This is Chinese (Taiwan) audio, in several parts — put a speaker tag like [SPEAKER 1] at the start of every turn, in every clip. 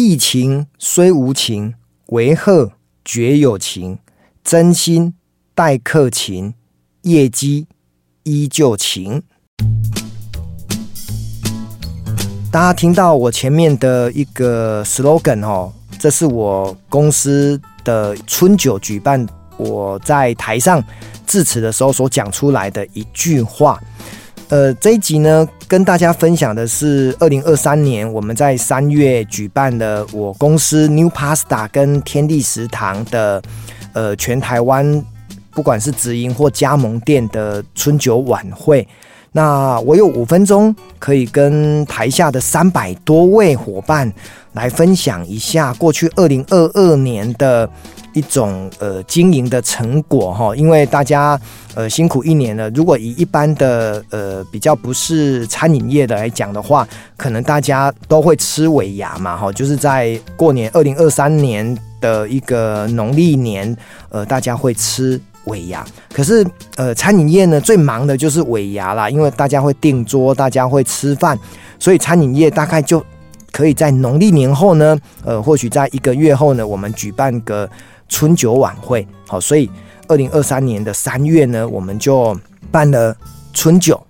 [SPEAKER 1] 疫情雖無情，為何絕有情。真心待客情，業績依舊情。大家聽到我前面的一個 slogan 哦，這是我公司的春酒舉辦，我在台上致辭的時候所講出來的一句話。呃，這一集呢，跟大家分享的是二零二三年我們在三月舉辦的我公司 New Pasta 跟天地食堂的，呃，全台灣不管是直營或加盟店的春酒晚會。那我有五分鐘可以跟台下的三百多位夥伴來分享一下過去二零二二年的一種呃經營的成果哈、哦，因為大家呃辛苦一年了，如果以一般的呃比較不是餐飲業的來講的話，可能大家都會吃尾牙嘛哈，就是在過年二零二三年的一個農曆年，呃大家會吃。尾牙，可是呃，餐飲業呢最忙的就是尾牙啦，因為大家會訂桌，大家會吃飯，所以餐飲業大概就可以在農曆年後呢，呃，或許在一個月後呢，我們舉辦個春酒晚會，好，所以二零二三年的三月呢，我們就辦了春酒。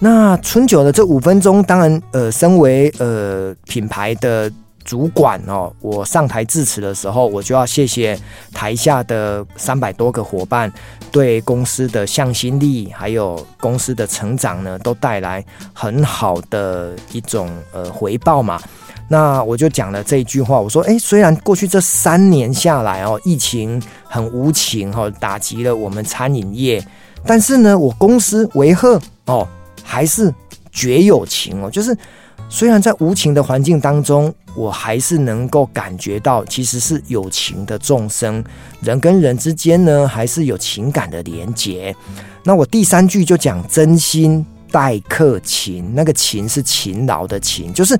[SPEAKER 1] 那春酒的這五分鐘，當然，呃，身為呃品牌的。主管哦，我上台致辭的時候，我就要謝謝台下的三百多個夥伴對公司的向心力，還有公司的成長呢，都帶來很好的一種呃回報嘛。那我就講了這一句話，我說誒，雖然過去這三年下來哦，疫情很無情哦，打擊了我們餐飲業，但是呢，我公司維和哦，還是絕有情哦，就是。雖然在無情的環境當中，我還是能夠感覺到，其實是有情的眾生，人跟人之間呢，還是有情感的連結。那我第三句就講真心待客勤，那個勤是勤勞的勤，就是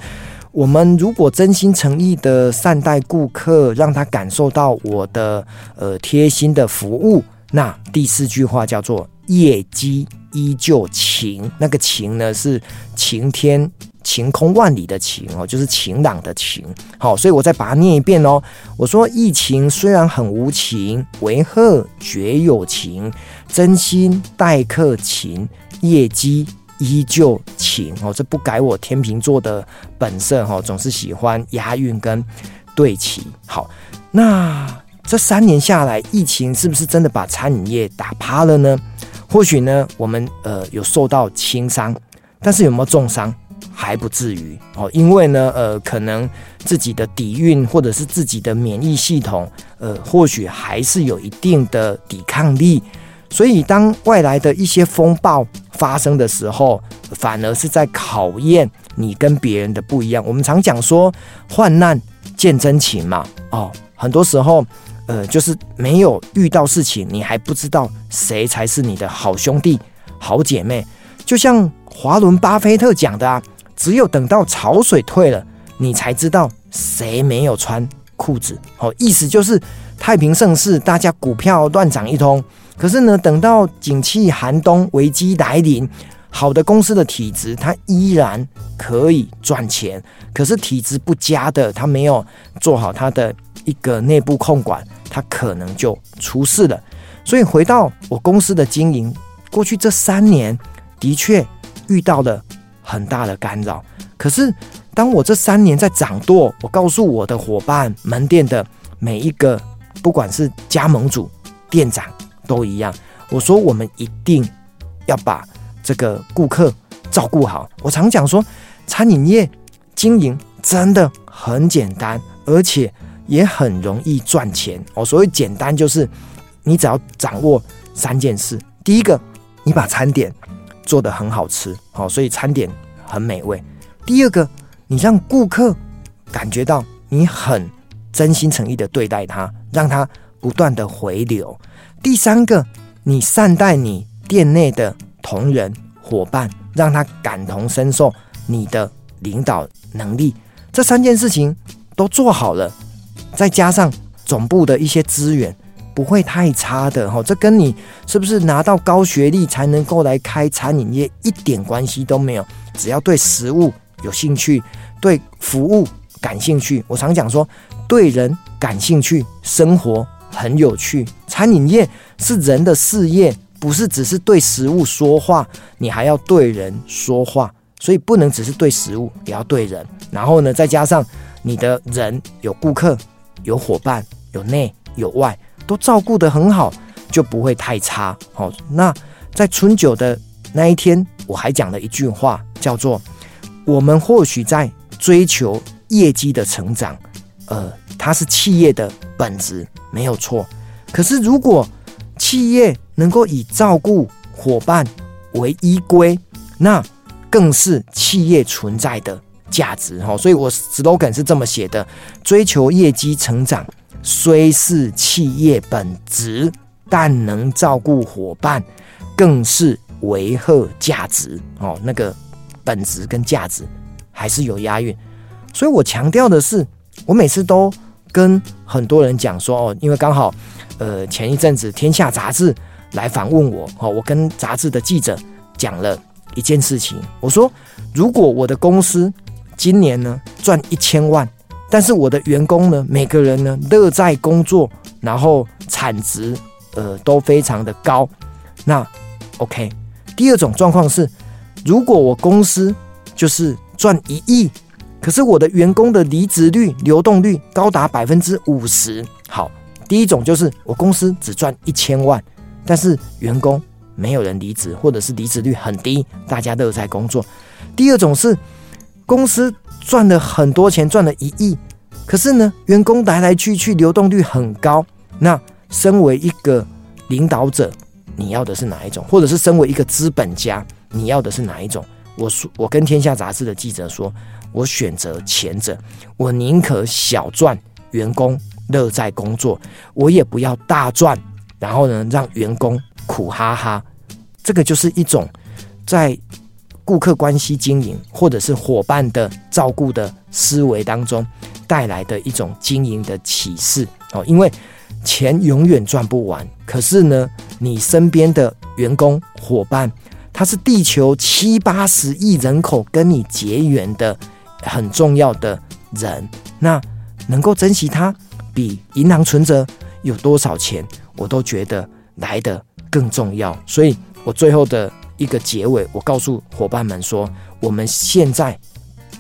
[SPEAKER 1] 我們如果真心誠意的善待顧客，讓他感受到我的呃貼心的服務。那第四句話叫做業績依舊勤。晴，那個晴呢是晴天、晴空萬里的情晴哦，就是晴朗的晴。好，所以我再把它念一遍哦。我說疫情雖然很無情，唯鶴絕有情，真心待客情，業績依舊情哦。這不改我天秤座的本色哦，總是喜歡押韻跟對齊。好，那這三年下來，疫情是不是真的把餐飲業打趴了呢？或許呢，我們呃有受到輕傷，但是有沒有重傷還不至於哦，因為呢，呃，可能自己的底蘊或者是自己的免疫系統，呃，或許還是有一定的抵抗力，所以當外來的一些風暴發生的時候，反而是在考驗你跟別人的不一樣。我們常講說，患難見真情嘛，哦，很多時候。呃，就是沒有遇到事情，你還不知道誰才是你的好兄弟、好姐妹。就像華倫巴菲特講的啊，只有等到潮水退了，你才知道誰沒有穿褲子。哦，意思就是太平盛世，大家股票亂漲一通，可是呢，等到景氣寒冬，危機來臨，好的公司的體質它依然可以賺錢，可是體質不佳的，它沒有做好它的。一個內部控管，它可能就出事了。所以回到我公司的經營，過去這三年的確遇到了很大的干擾。可是，當我這三年在掌舵，我告訴我的夥伴、門店的每一個，不管是加盟主、店長都一樣，我說我們一定要把這個顧客照顧好。我常講說，餐飲業經營真的很簡單，而且。也很容易賺錢哦。所以簡單就是，你只要掌握三件事：第一個，你把餐點做得很好吃，哦，所以餐點很美味；第二個，你讓顧客感覺到你很真心誠意的對待他，讓他不斷的回流；第三個，你善待你店內的同仁夥伴，讓他感同身受你的領導能力。這三件事情都做好了。再加上總部的一些資源不會太差的哈，這跟你是不是拿到高學歷才能夠來開餐飲業一點關係都沒有。只要對食物有興趣，對服務感興趣，我常講說對人感興趣，生活很有趣。餐飲業是人的事業，不是只是對食物說話，你還要對人說話，所以不能只是對食物，也要對人。然後呢，再加上你的人有顧客。有夥伴，有內有外，都照顧得很好，就不會太差。好，那在春酒的那一天，我還講了一句話，叫做：我們或許在追求業績的成長，呃，它是企業的本質，沒有錯。可是，如果企業能夠以照顧夥伴為依歸，那更是企業存在的｜價值，所以我 slogan 是這麼寫的：追求業績成長，雖是企業本職，但能照顧夥伴更是維和價值哦。那個本質跟價值還是有押韻，所以我強調的是，我每次都跟很多人講說哦，因為剛好呃前一陣子天下雜誌來訪問我哦，我跟雜誌的記者講了一件事情，我說如果我的公司。今年呢，賺一千萬，但是我的員工呢，每個人呢樂在工作，然後產值呃都非常的高。那 OK，第二種狀況是，如果我公司就是賺一億，可是我的員工的離職率、流動率高達百分之五十。好，第一種就是我公司只賺一千萬，但是員工沒有人離職，或者是離職率很低，大家樂在工作。第二種是。公司賺了很多錢，賺了一億，可是呢，員工來來去去，流動率很高。那身為一個領導者，你要的是哪一種？或者是身為一個資本家，你要的是哪一種？我說，我跟《天下雜誌》的記者說，我選擇前者，我寧可小賺，員工樂在工作，我也不要大賺，然後呢，讓員工苦哈哈。這個就是一種在。顧客關係經營，或者是夥伴的照顧的思維當中，帶來的一種經營的啟示哦。因為錢永遠賺不完，可是呢，你身邊的員工夥伴，他是地球七八十億人口跟你結緣的很重要的人，那能夠珍惜他，比銀行存摺有多少錢，我都覺得來得更重要。所以我最後的。一個結尾，我告訴伙伴們說：“我們現在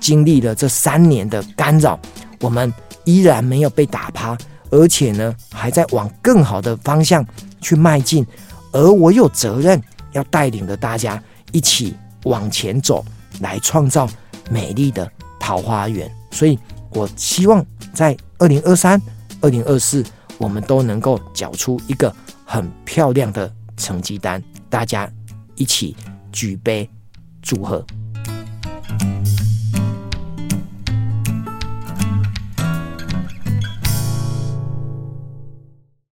[SPEAKER 1] 經歷了這三年的干擾，我們依然沒有被打趴，而且呢，還在往更好的方向去邁進。而我有責任要帶領着大家一起往前走，來創造美麗的桃花源。所以，我希望在二零二三、二零二四，我們都能夠繳出一個很漂亮的成績單。”大家。一起舉杯祝賀。